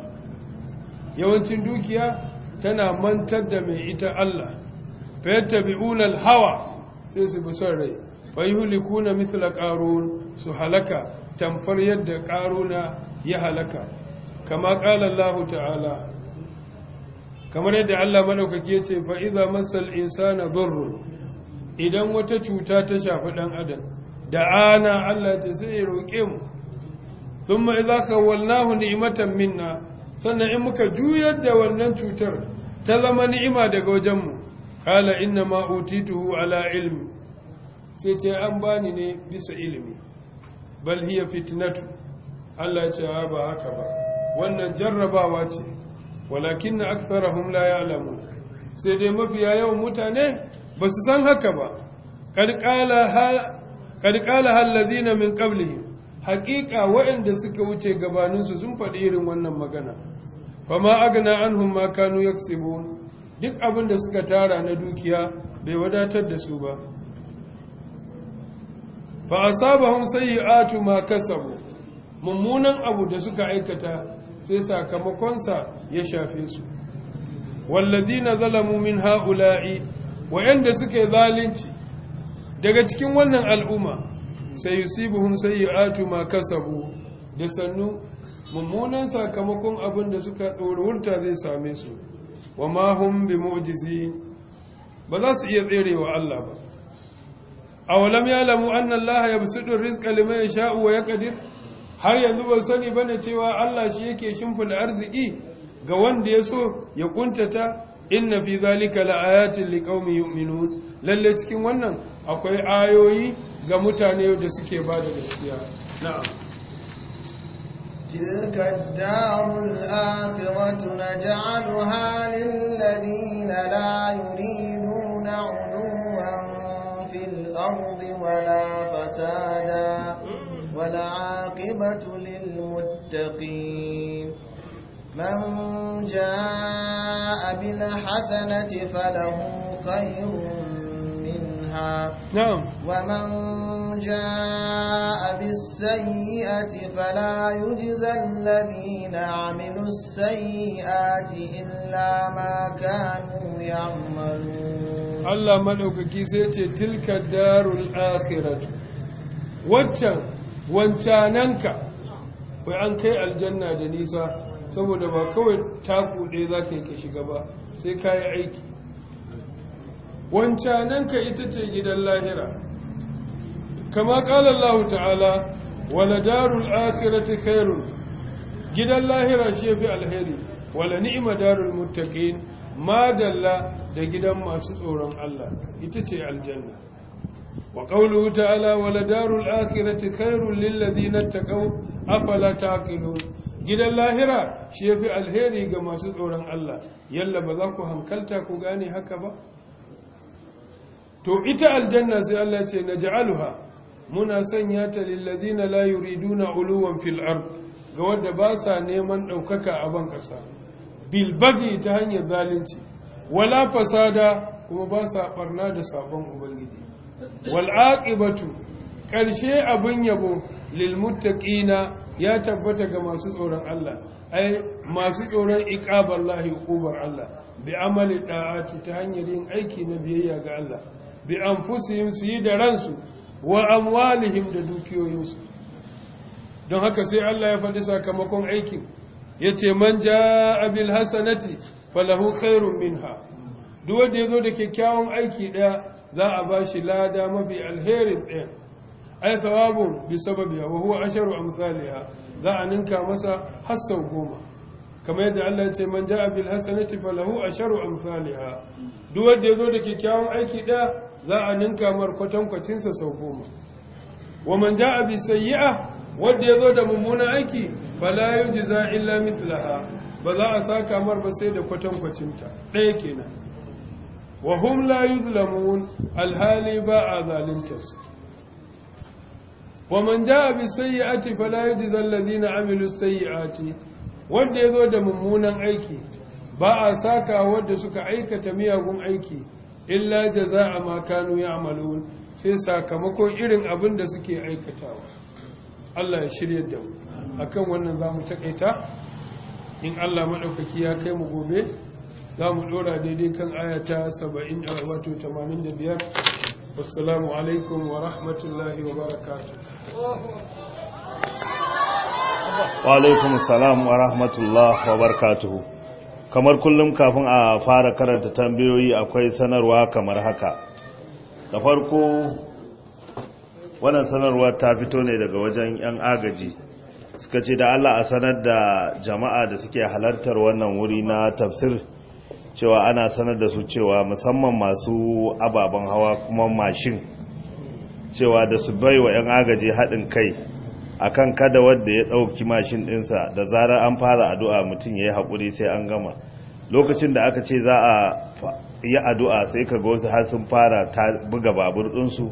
S1: yawancin dukiya tana mantar da mai ita Allah fayattabi'una al-hawa sai su bi son rai kuna mithla qarun su halaka tamfar yadda ƙaruna ya halaka kama ƙala Allah ta'ala kamar yadda Allah maɗaukaki ya ce fa'iza masal insana durru idan wata cuta ta shafi ɗan adam da ana Allah ce sai ya roƙe mu sun ma'iza kawalnahu ni'imatan minna sannan in muka juyar da wannan cutar ta zama ni'ima daga wajenmu ƙala inna ma'utituhu ala ilmi sai ce an bani ne bisa ilmi. bal hiya fitnatu Allah ce ba haka ba wannan jarrabawa ce walakin na aktharahum la ya'lamu sai dai mafiya yawan mutane ba su san haka ba kad qala alladhina min qablihim haqiqa wa'anda suka wuce gabaninsu sun faɗi irin wannan magana fama agna anhum ma kanu yaksibun duk abin da suka tara na dukiya bai wadatar da su ba fa asabahum sayyi'atu ma kasabu mummunan abu da suka aikata sai sakamakonsa ya shafe su walladina zalamu min haula'i wa 'yanda suke zalunci daga cikin wannan al'umma sai yusibuhum sayyi'atu ma kasabu da sannu mummunan sakamakon abin da suka tsorowunta zai same su wa ma hum mu'jizi. ba za su iya tserewa Allah ba aw lam ya'lamu anna Allah yabsutu rizqa liman yasha'u wa yaqdir har yanzu ban sani bane cewa Allah shi yake shimfida arziki ga wanda ya so ya kuntata inna fi zalika laayatin liqaumin yu'minun lalle cikin wannan akwai ayoyi ga mutane da suke ba da gaskiya na'am
S2: تلك الدار الآخرة نجعلها للذين لا يريدون عنا الأرض ولا فسادا والعاقبة للمتقين من جاء بالحسنة فله خير منها نعم ومن جاء بالسيئة فلا يجزى الذين عملوا السيئات إلا ما كانوا يعملون
S1: Allah maɗaukaki sai ce tilka darul akhiratu waccan wancananka bai an kai aljanna da nisa saboda ba kawai taku ɗaya za ka yi ka shiga ba sai ka yi aiki wancananka ita ce gidan lahira kama ƙalar lahu ta'ala wala darul akhirati khairun gidan lahira shi fi alheri wala ni'ima darul muttaqin madalla da gidan masu tsoron Allah ita ce aljanna wa qawluhu ta'ala wala darul akhirati khairul lil ladina taqaw afala taqilun gidan lahira shi yafi alheri ga masu tsoron Allah yalla ba za ku hankalta ku gane haka ba to ita aljanna sai Allah ce naj'aluha muna sanya ta lil ladina la yuriduna uluwan fil ard ga wanda ba sa neman daukaka a ban kasa bil ta hanyar zalunci wala fasada kuma ba sa barna da sabon ubangiji wal aqibatu karshe abin yabo lil muttaqina ya tabbata ga masu tsoron Allah ai masu tsoron iqaballahi hukubar Allah bi amali da'ati ta hanyar yin aiki na biyayya ga Allah bi anfusihim su yi da ransu wa amwalihim da dukiyoyinsu don haka sai Allah ya faɗi sakamakon aikin yace man ja'a bil hasanati falahu khairun minha duk wanda yazo da kyakkyawan aiki daya za a bashi lada mafi alherin ɗaya ai sawabun bi sababiha wa huwa asharu amsalha za a ninka masa har goma kamar yadda Allah ya ce man ja'a bil hasanati falahu asharu amsalha duk wanda yazo da kyakkyawan aiki daya za a ninka mar kwatankwacin sa sau goma wa man ja'a bi sayyi'a wanda yazo da mummunan aiki fala yujza illa mithlaha ba za a saka mar ba sai da kwatankwacinta ɗaya kenan wa hum la yuzlamun alhali ba a zalintas wa man jaa bi sayyi'ati fala yujza alladhina amilu sayyi'ati wanda yazo da mummunan aiki ba a saka wanda suka aikata miyagun aiki illa jazaa ma kanu ya'malun sai sakamakon irin abin da suke aikatawa Allah ya shirya da mu akan wannan zamu takaita in Allah maɗaukaki ya kai mu gobe za mu ɗora daidai kan ayata 70 wato 85 wassalamu alaikum wa rahmatullahi wa barakatu
S3: wa alaikum salam wa rahmatullahi wa barakatuhu kamar kullum kafin a fara karanta tambayoyi akwai sanarwa kamar haka da farko wannan sanarwa ta fito ne daga wajen 'yan agaji suka ce da Allah a sanar da jama'a da suke halartar wannan wuri na tafsir cewa ana sanar da su cewa musamman masu ababen hawa kuma mashin cewa da su bai wa 'yan agaji haɗin kai a kan kada wadda ya ɗauki mashin ɗinsa da zarar an fara addu'a mutum ya yi haƙuri sai an gama lokacin da aka ce za a yi addu'a sai ka ga wasu har sun fara buga babur ɗinsu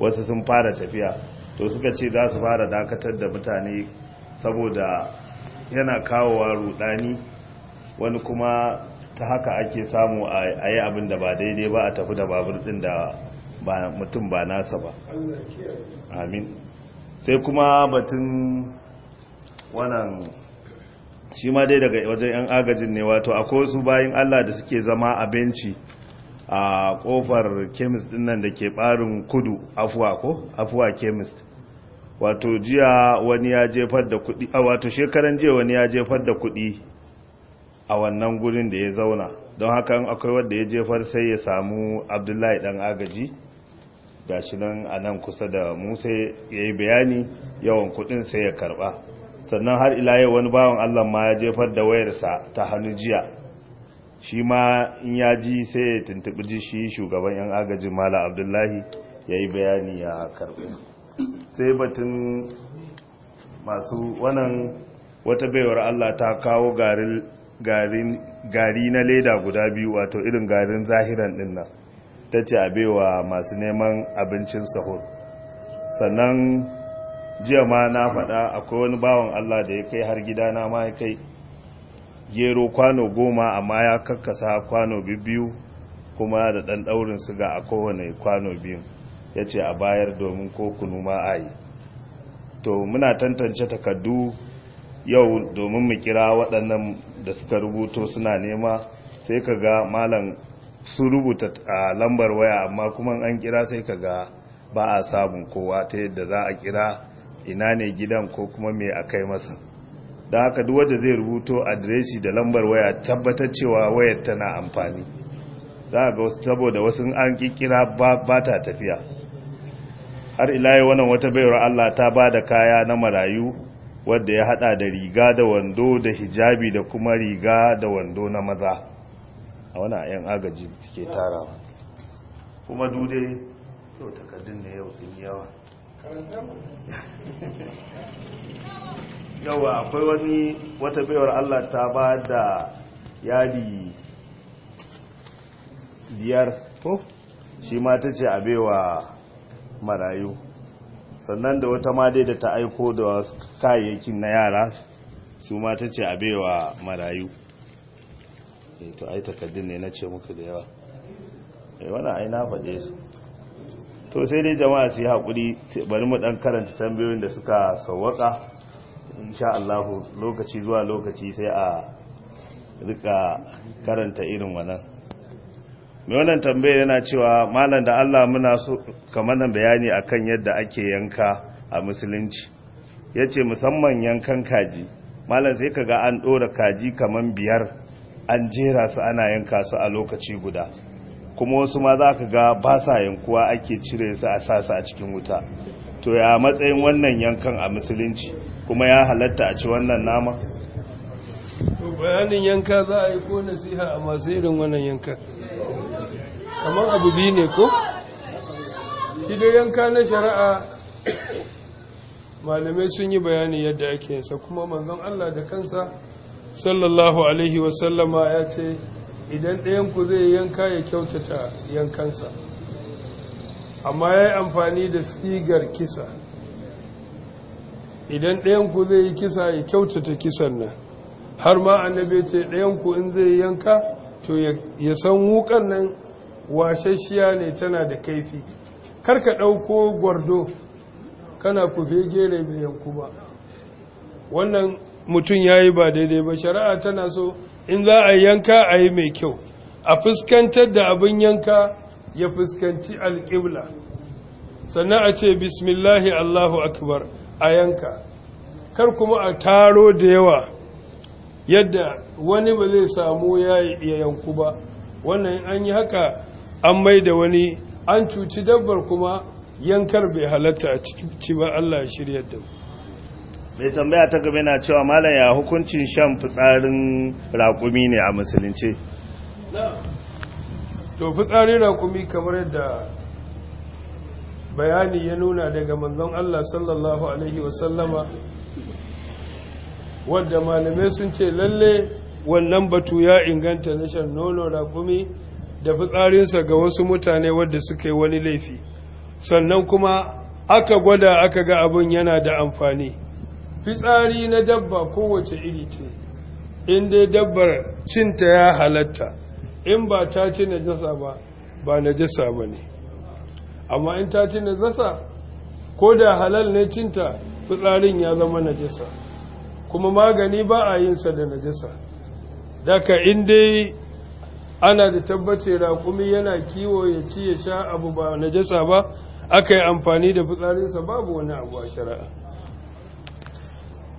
S3: wasu sun fara tafiya to suka ce za su fara dakatar da mutane saboda yana kawowa rudani wani kuma ta haka ake samu a yi abin da ba daidai ba a tafi da babur din da mutum ba nasa ba amin sai kuma batun wannan shi ma dai daga wajen 'yan agajin ne wato akwai wasu bayan allah da suke zama a benci a kofar kemis din da ke barin kudu afuwa ko afuwa chemist wato jiya wani ya jefar da kudi a wato shekaran jiya wani ya jefar da kuɗi a wannan gurin da ya zauna don haka akwai wanda ya jefar sai ya samu abdullahi dan agaji gashi nan a nan kusa da musa ya yi bayani yawan kuɗin sai ya karɓa sannan har ila yau wani bawan allah ma ya jefar da wayarsa ta hannu jiya shi ma in ya ji sai ya tuntuɓi shi shugaban 'yan agajin mala abdullahi ya yi bayani ya karɓi sai batun masu wannan wata baiwar Allah ta kawo gari na leda guda biyu wato irin garin zahiran din nan ta ce a baiwa masu neman abincin sahur sannan jiya ma na faɗa akwai wani bawan Allah da ya kai har gida na ma ya kai gero kwano goma amma ya kakkasa kwano biyu kuma da ɗan ɗaurin siga a kowane kwano biyu ya ce a bayar domin ko kunu ma a yi to muna tantance takaddu yau domin mu kira waɗannan da suka rubuto suna nema sai ka ga malam su rubuta a lambar waya amma kuma an kira sai ka ga ba a samun kowa ta yadda za a kira ina ne gidan ko kuma mai a kai masa da haka duk da zai rubuto adireshi da lambar waya tabbatar cewa wayar tana amfani za a ga saboda wasu an kikira ba ta tafiya har ilayi wannan wata baiwar Allah ta ba da kaya na marayu wadda ya hada da riga da wando da hijabi da kuma riga da wando na maza a wani yan agaji ke tara kuma dude yau takardun ne yau sun yawa yawa akwai wani wata baiwar Allah ta ba da yadi biyar ko shi ma ta ce a baiwa marayu sannan da wata ma dai da ta aiko da kayayyakin na yara su ma ta ce abewa marayu eh, to ai takardun ne na ce muku da yawa ai eh, wannan ai na faɗe su to sai dai jama'a su yi haƙuri bari mu ɗan karanta tambayoyin da suka sauwaƙa insha Allah lokaci zuwa lokaci sai a rika karanta irin wannan mai wannan tambayar yana cewa malam da Allah muna so kamar nan bayani akan yadda ake yanka a musulunci ya ce musamman yankan kaji malam sai ga an ɗora kaji kaman biyar an jera su ana yanka su a lokaci guda kuma wasu ma za ka ga ba sa yankuwa ake cire su a sasa a cikin wuta to ya matsayin wannan yankan a musulunci kuma ya halatta a ci wannan nama
S1: to bayanin yanka za a yi ko nasiha a masu irin wannan yankan kamar abu biyu ne ko shi dai yanka na shari'a malamai sun yi bayani yadda ake yinsa kuma manzon Allah da kansa sallallahu alaihi wasallama ya ce idan ɗayanku zai yanka ya kyautata yankansa amma ya yi amfani da sigar kisa idan ɗayanku zai yi kisa ya kyautata kisan nan har ma annabi ce ɗayanku in zai yanka to ya san wukan nan washashiya ne tana da kaifi karka ɗauko gwardo kana kufe gere mai yanku ba wannan mutum ya yi ba daidai ba shari'a tana so in za a yanka a yi mai kyau a fuskantar da abin yanka ya fuskanci alƙibla sannan a ce bismillahi allahu akbar a yanka kar kuma a taro da yawa yadda wani ba zai samu ya yanku ba wannan an yi haka an mai da wani an cuci dabbar kuma yankar bai halatta a cikin ba Allah ya shirya da
S3: mai tambaya ta gaba na cewa malam ya hukuncin shan fitsarin raƙumi ne a musulunci
S1: to fitsarin raƙumi kamar yadda bayani ya nuna daga manzon Allah sallallahu alaihi wasallama wadda malamai sun ce lalle wannan batu ya inganta na shan nono raƙumi da fitsarinsa ga wasu mutane wadda suka yi wani laifi sannan kuma aka gwada aka ga abin yana da amfani fitsari na dabba kowace iri ce in dabbar cinta ya halatta in ba ta ci na jasa ba ba na jasa ba ne amma in ta ci na jasa ko da halal ne cinta fitsarin ya zama na jasa kuma magani ba a yinsa da najasa daka in dai ana da tabbace raƙumi yana kiwo ya ci ya sha abu ba na jasa ba aka yi amfani da fitsarinsa babu wani abu a shari'a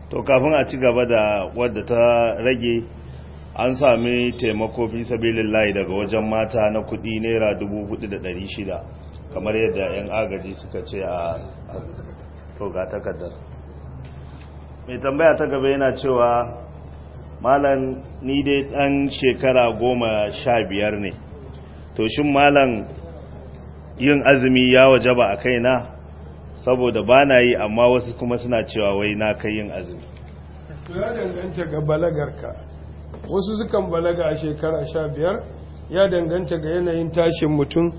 S3: to kafin a ci gaba da wadda ta rage an sami taimako fi sabilin layi daga wajen mata na kudi naira 4,600 kamar yadda 'yan agaji suka ce a toga takardar mai tambaya ta gaba yana cewa malam ni dai ɗan shekara goma sha biyar ne to shin malam yin azumi ya ba a kaina saboda ba na yi amma wasu kuma suna cewa wai na kai yin azumi
S1: ya danganta ga balagarka wasu sukan balaga a shekara sha biyar ya danganta ga yanayin tashin mutum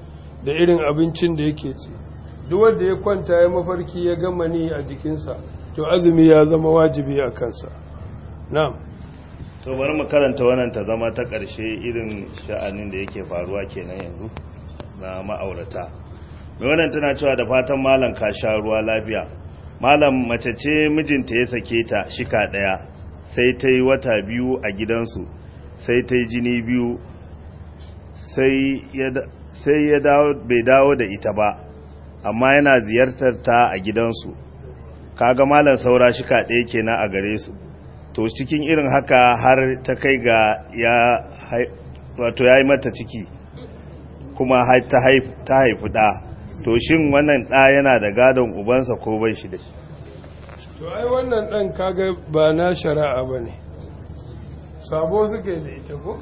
S1: da irin abincin da yake ci duk wanda ya
S3: kwanta ya mafarki ya gama ni a jikinsa
S1: to azumi ya zama wajibi a kansa
S3: na'am to bari mu karanta wannan ta zama ta ƙarshe irin sha'anin da yake faruwa kenan yanzu na ma'aurata mai wannan tana cewa da fatan malam ka sha ruwa lafiya malam mace ce mijinta ya sake ta shika ɗaya sai ta yi wata biyu a gidansu sai ta yi jini biyu sai ya bai dawo da ita ba amma yana ziyartar ta a gidansu kaga malam saura shika ɗaya kenan a gare su to cikin irin haka har ta kai ga ya wato ya yi mata ciki kuma ta haifu ɗa to shin wannan ɗa yana da gadon ubansa ko bai shi da shi
S1: to ai wannan ɗan kaga ba na shari'a ba ne sabo suke da ita ko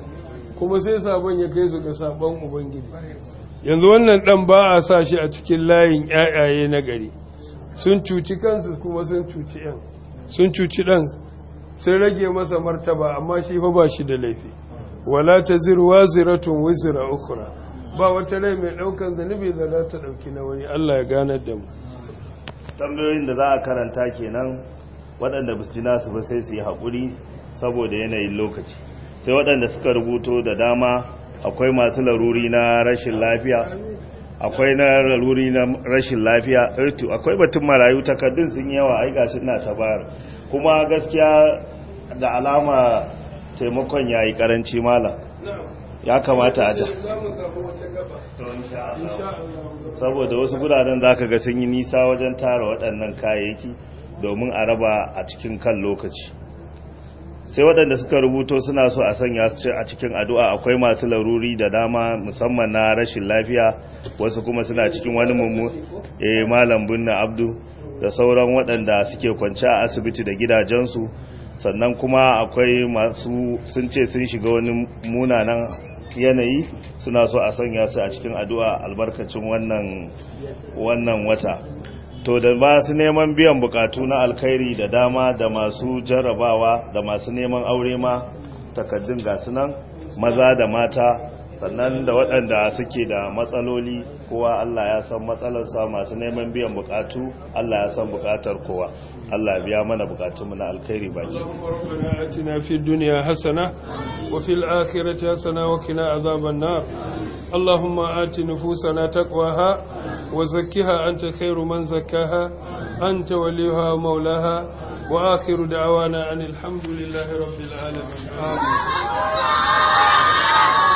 S1: kuma sai sabon ya kai su ga sabon ubangiji yanzu wannan ɗan ba a sa shi a cikin layin ƴaƴaye na gari sun cuci kansu kuma sun cuci ƴan sun cuci ɗan Sai rage masa martaba amma shi fa ba shi da laifi wala taziru waziratun wizra ukhra ba wata rai mai daukan zanibi da za ta dauki na wani
S3: Allah ya gane da mu tambayoyin da za a karanta kenan waɗanda ba su nasu ba sai su yi haƙuri saboda yanayin lokaci sai waɗanda suka rubuto da dama akwai masu laruri na rashin lafiya akwai na laruri na rashin lafiya eh akwai batun marayu takardun sun yawa ai gashi na tabar kuma gaskiya Da alama taimakon ya yi karanci mala ya kamata a ja saboda wasu guraren za ka ga sun yi nisa wajen tara waɗannan kayayyaki domin a raba a cikin kan lokaci sai waɗanda suka rubuto suna so a sanya su a cikin addu'a akwai masu laruri da dama musamman na rashin lafiya wasu kuma suna cikin wani mummu eh malam binna abdu da sauran waɗanda suke kwanci a asibiti da gidajensu sannan kuma akwai masu sun ce sun shiga wani munanan yanayi suna so a sanya su a cikin addu'a albarkacin wannan wannan wata to da masu neman biyan bukatu na alkhairi da dama da masu jarrabawa da masu neman aure ma takaddun gasu nan maza da mata sannan da waɗanda suke da matsaloli kowa Allah ya san matsalarsa masu neman biyan bukatu Allah ya san bukatar kowa Allah biya mana bukatunmu na alkhairi baki Allahumma
S1: atina fid dunya hasana
S3: wa fil akhirati hasana wa qina azaban
S1: nar Allahumma ati nufusana taqwaha wa zakkiha anta khairu man zakkaha anta waliha maulaha wa دعوانا dawana الحمد لله رب العالمين آمين